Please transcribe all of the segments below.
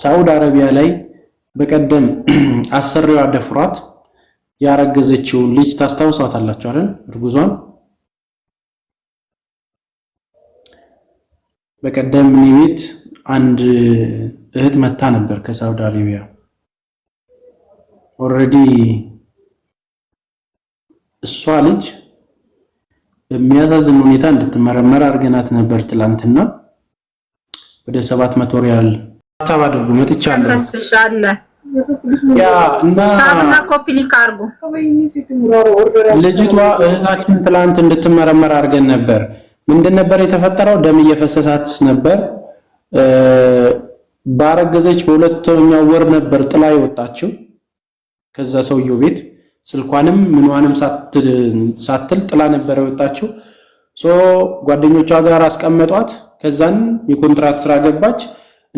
ሳውድ አረቢያ ላይ በቀደም አሰሪው አደፍሯት ያረገዘችው ልጅ ታስታውሳታላችሁ አይደል? እርጉዟን በቀደም እኔ ቤት አንድ እህት መታ ነበር ከሳውዲ አረቢያ። ኦልሬዲ እሷ ልጅ በሚያሳዝን ሁኔታ እንድትመረመር አድርገናት ነበር። ትላንትና ወደ ሰባት መቶ ሪያል ታብ አድርጉ መጥቻለሁ። ልጅቷ እህታችን ትላንት እንድትመረመር አድርገን ነበር። ምንድን ነበር የተፈጠረው? ደም እየፈሰሳት ነበር። ባረገዘች በሁለተኛው ወር ነበር ጥላ የወጣችው ከዛ ሰውየው ቤት ስልኳንም ምንዋንም ሳትል ጥላ ነበር የወጣችው። ሶ ጓደኞቿ ጋር አስቀመጧት። ከዛን የኮንትራት ስራ ገባች።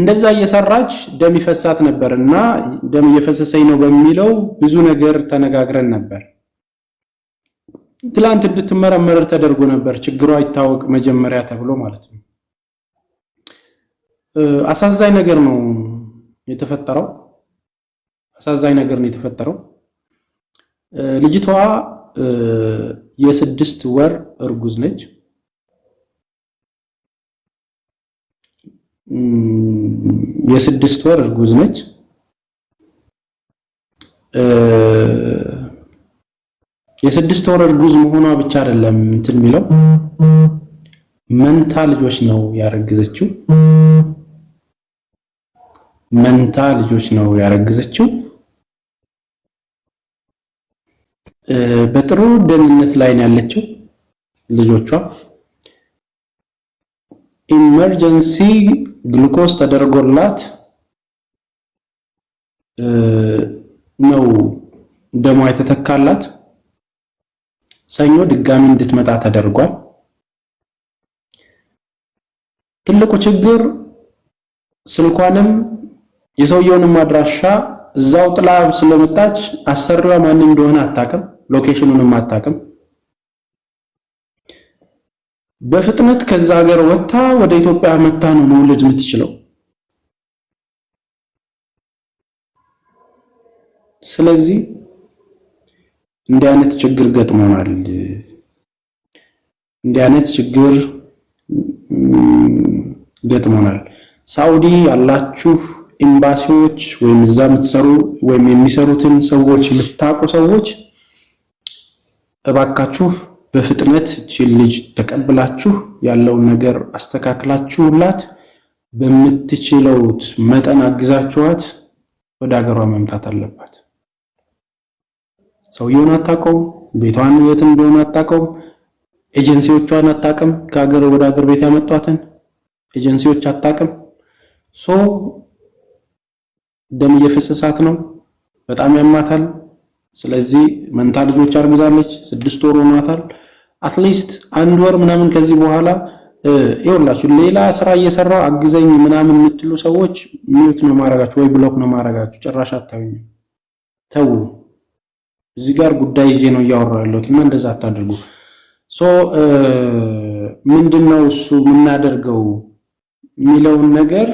እንደዛ እየሰራች ደም ይፈሳት ነበር እና ደም እየፈሰሰኝ ነው በሚለው ብዙ ነገር ተነጋግረን ነበር። ትላንት እንድትመረመር ተደርጎ ነበር፣ ችግሯ ይታወቅ መጀመሪያ ተብሎ ማለት ነው። አሳዛኝ ነገር ነው የተፈጠረው። አሳዛኝ ነገር ነው የተፈጠረው። ልጅቷ የስድስት ወር እርጉዝ ነች። የስድስት ወር እርጉዝ ነች። የስድስት ወር እርጉዝ መሆኗ ብቻ አይደለም እንትን የሚለው መንታ ልጆች ነው ያረግዘችው። መንታ ልጆች ነው ያረግዘችው። በጥሩ ደህንነት ላይ ነው ያለችው ልጆቿ ኢመርጀንሲ ግሉኮስ ተደርጎላት ነው ደሟ የተተካላት። ሰኞ ድጋሚ እንድትመጣ ተደርጓል። ትልቁ ችግር ስልኳንም የሰውየውንም አድራሻ እዛው ጥላ ስለመጣች አሰሪዋ ማን እንደሆነ አታውቅም፣ ሎኬሽኑንም አታውቅም። በፍጥነት ከዛ ሀገር ወጥታ ወደ ኢትዮጵያ መታ ነው መውለድ የምትችለው። ስለዚህ እንዲህ አይነት ችግር ገጥሞናል። እንዲህ አይነት ችግር ገጥሞናል። ሳውዲ ያላችሁ ኤምባሲዎች ወይም እዛ የምትሰሩ ወይም የሚሰሩትን ሰዎች የምታውቁ ሰዎች እባካችሁ በፍጥነት እችን ልጅ ተቀብላችሁ ያለውን ነገር አስተካክላችሁላት በምትችለውት መጠን አግዛችኋት ወደ ሀገሯ መምጣት አለባት። ሰውየውን አታውቀውም፣ ቤቷን የት እንደሆነ አታውቀውም፣ ኤጀንሲዎቿን አታውቅም። ከሀገር ወደ ሀገር ቤት ያመጧትን ኤጀንሲዎች አታውቅም። ሶ ደም እየፈሰሳት ነው፣ በጣም ያማታል። ስለዚህ መንታ ልጆች አርግዛለች። ስድስት ወር ሆኗታል። አትሊስት አንድ ወር ምናምን ከዚህ በኋላ ይኸውላችሁ ሌላ ስራ እየሰራው አግዘኝ ምናምን የምትሉ ሰዎች ሚዩት ነው ማረጋችሁ ወይ ብሎክ ነው ማረጋችሁ። ጭራሽ አታዩኝ። ተው፣ እዚህ ጋር ጉዳይ ይዤ ነው እያወራሁ ያለሁት እና እንደዛ አታደርጉ። ሶ ምንድነው እሱ የምናደርገው የሚለውን ነገር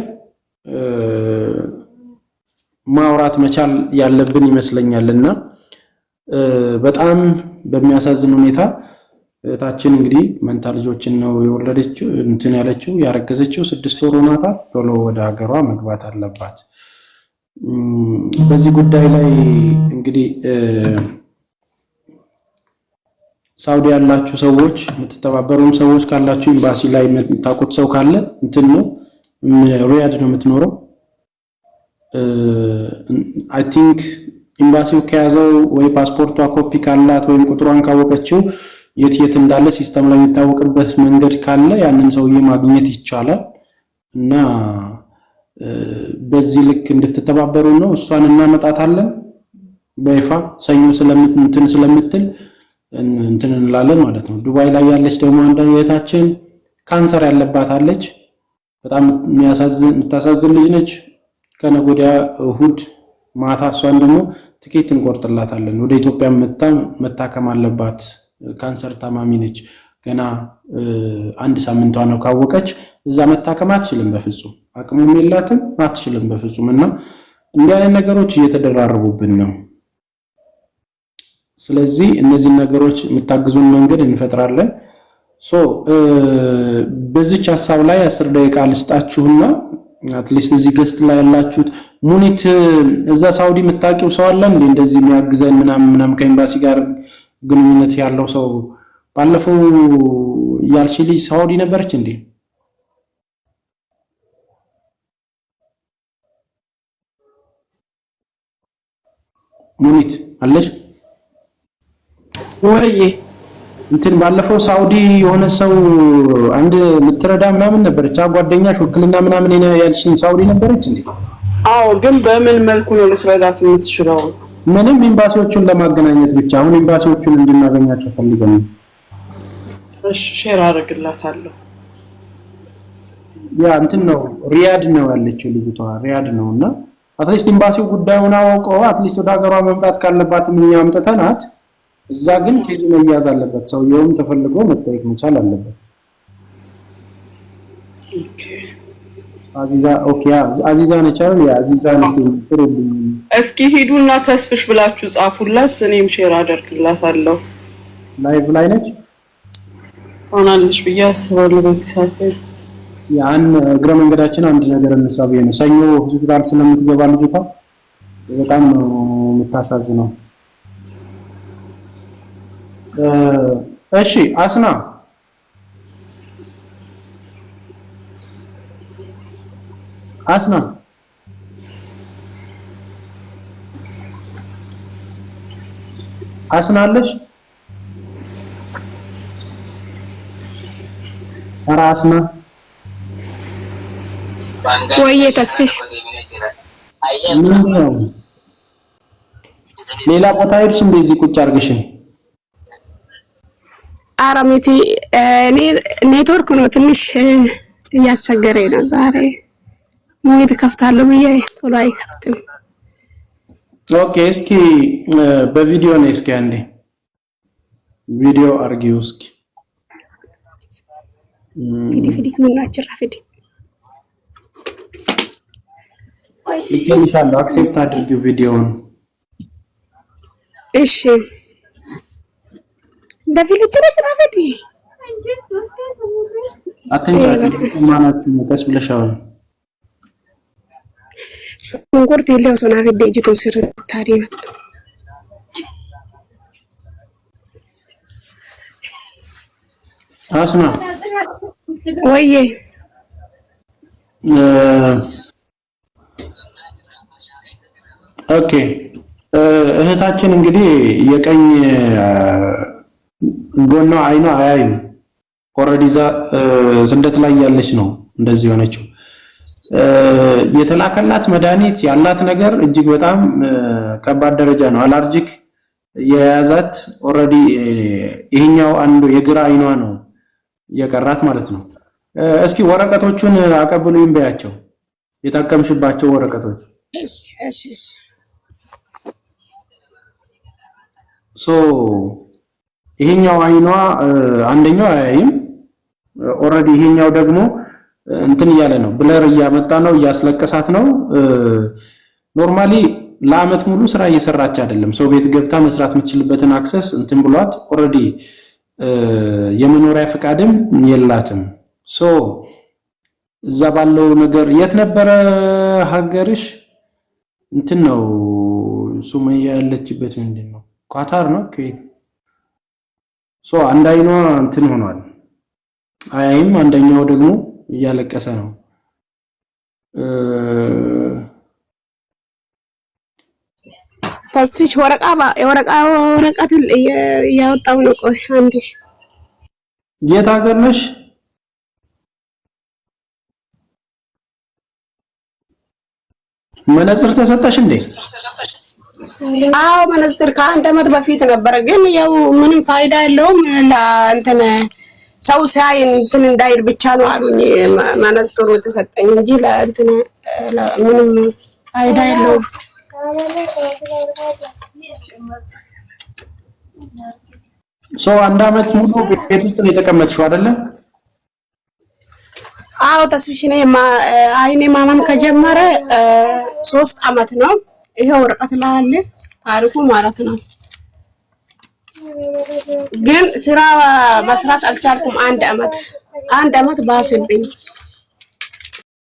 ማውራት መቻል ያለብን ይመስለኛልና በጣም በሚያሳዝን ሁኔታ እህታችን እንግዲህ መንታ ልጆችን ነው የወለደችው እንትን ያለችው ያረገዘችው ስድስት ወር ሆኗታል። ቶሎ ወደ ሀገሯ መግባት አለባት። በዚህ ጉዳይ ላይ እንግዲህ ሳውዲ ያላችሁ ሰዎች የምትተባበሩም ሰዎች ካላችሁ ኤምባሲ ላይ የምታውቁት ሰው ካለ እንትን ነው ሪያድ ነው የምትኖረው። አይ ቲንክ ኤምባሲው ከያዘው ወይ ፓስፖርቷ ኮፒ ካላት ወይም ቁጥሯን ካወቀችው የት የት እንዳለ ሲስተም ላይ የሚታወቅበት መንገድ ካለ ያንን ሰውዬ ማግኘት ይቻላል እና በዚህ ልክ እንድትተባበሩ ነው። እሷን እናመጣታለን በይፋ ሰኞ እንትን ስለምትል እንትን እንላለን ማለት ነው። ዱባይ ላይ ያለች ደግሞ አንዳ እህታችን ካንሰር አለች። በጣም የምታሳዝን ልጅ ነች። ከነገ ወዲያ እሁድ ማታ እሷን ደግሞ ትኬት እንቆርጥላታለን። ወደ ኢትዮጵያ መታ መታከም አለባት። ካንሰር ታማሚ ነች። ገና አንድ ሳምንቷ ነው ካወቀች፣ እዛ መታከም አትችልም በፍጹም አቅሙም የላትም አትችልም በፍጹም። እና እንዲህ አይነት ነገሮች እየተደራረቡብን ነው። ስለዚህ እነዚህን ነገሮች የምታግዙን መንገድ እንፈጥራለን። በዚች ሀሳብ ላይ አስር ደቂቃ ልስጣችሁና አትሊስት እዚህ ገስት ላይ ያላችሁት ሙኒት፣ እዛ ሳውዲ የምታውቂው ሰው አለ እንደዚህ የሚያግዘን ምናምን ምናምን ከኤምባሲ ጋር ግንኙነት ያለው ሰው ባለፈው ያልሽ ልጅ ሳውዲ ነበረች እንዴ? ሙኒት አለሽ ወይ? እንትን ባለፈው ሳውዲ የሆነ ሰው አንድ የምትረዳ ምናምን ነበረች፣ ጓደኛሽ ውክልና ምናምን ያልሽኝ ሳውዲ ነበረች እንዴ? አዎ። ግን በምን መልኩ ነው ልትረዳት የምትችለው? ምንም ኤምባሲዎቹን ለማገናኘት ብቻ አሁን ኤምባሲዎቹን እንድናገኛቸው ፈልገን እሺ፣ ሼር አደርግላታለሁ። ያ እንትን ነው ሪያድ ነው ያለችው ልጅቷ ሪያድ ነው እና አትሊስት ኤምባሲው ጉዳዩን አውቀው አትሊስት ወደ ሀገሯ መምጣት ካለባት እኛ አምጥተናት፣ እዛ ግን ኬዝ መያዝ አለበት። ሰውየውም ተፈልጎ መጠየቅ መቻል አለበት። አዚዛ ኦኬ፣ አዚዛ ነች አይደል? ያ አዚዛ ነች። ትሩብኝ እስኪ ሂዱና ተስፍሽ ብላችሁ ጻፉላት። እኔም ሼር አደርግላታለሁ። ላይቭ ላይ ነች ሆናለች ብዬ አስባለሁ። በዚህ ሰዓት ያን እግረ መንገዳችን አንድ ነገር እንስራ ብዬ ነው። ሰኞ ሆስፒታል ስለምትገባ ልጅቷ በጣም ነው የምታሳዝነው። እሺ አስና አስና አስናለሽ? ኧረ አስና ወይዬ ተስፍሽ ሌላ ቦታ ሄድሽ? እንደዚህ ቁጭ አድርግሽን። ኧረ እኔ ኔትወርክ ነው ትንሽ እያስቸገረኝ ነው ዛሬ ሙሄድ ከፍታለሁ ብዬ ቶሎ አይከፍትም። ኦኬ እስኪ በቪዲዮ ነው። እስኪ አንዴ ቪዲዮ አርጊው እስኪ ፊዲ ፊዲ ይገኝሻለሁ። አክሴፕት አድርጊው ቪዲዮውን። እሺ በፊት ልጭነት ራፊዲ አትንጫጭ ማናችሁ ቀስ ብለሻል። Shunkurtii illee osoo naa fiddee ijjituun sirriitti bittaa adeemattu. አስማ ወዬ ኦኬ እህታችን እንግዲህ የቀኝ ጎኗ አይኗ አያይም። ኦልሬዲ እዛ ስደት ላይ ያለች ነው እንደዚህ የሆነችው። የተላከላት መድኃኒት ያላት ነገር እጅግ በጣም ከባድ ደረጃ ነው። አላርጂክ የያዛት ኦልሬዲ ይሄኛው አንዱ የግራ አይኗ ነው የቀራት ማለት ነው። እስኪ ወረቀቶቹን አቀብሉ በያቸው፣ የታከምሽባቸው ወረቀቶች ሶ ይሄኛው አይኗ አንደኛው አያይም ኦልሬዲ ይሄኛው ደግሞ እንትን እያለ ነው፣ ብለር እያመጣ ነው፣ እያስለቀሳት ነው። ኖርማሊ ለአመት ሙሉ ስራ እየሰራች አይደለም። ሰው ቤት ገብታ መስራት የምትችልበትን አክሰስ እንትን ብሏት ኦልሬዲ የመኖሪያ ፈቃድም የላትም። ሶ እዛ ባለው ነገር የት ነበረ ሀገርሽ? እንትን ነው ሱመያ ያለችበት ምንድን ነው? ኳታር ነው አንድ አይኗ እንትን ሆኗል አያይም፣ አንደኛው ደግሞ እያለቀሰ ነው። ተስፊች ወረቃ ወረቃ ወረቀት እያወጣው ነው። ቆይ አንዴ፣ የት ሀገር ነሽ? መነጽር ተሰጠሽ እንዴ? አዎ መነጽር ከአንድ አመት በፊት ነበረ፣ ግን ያው ምንም ፋይዳ የለውም ለእንትን ሰው ሲያይ እንትን እንዳይል ብቻ ነው አሉኝ። መነጽሩ የተሰጠኝ እንጂ ለእንትን ምንም ፋይዳ የለውም። ሰው አንድ አመት ሙሉ ቤት ውስጥ ነው የተቀመጥሽው አይደለ? አዎ ተስፍሽ፣ እኔ አይኔ ማመም ከጀመረ ሶስት አመት ነው። ይሄ ወረቀት ላይ አለ ታሪኩ ማለት ነው። ግን ስራ መስራት አልቻልኩም። አንድ አመት አንድ አመት ባስብኝ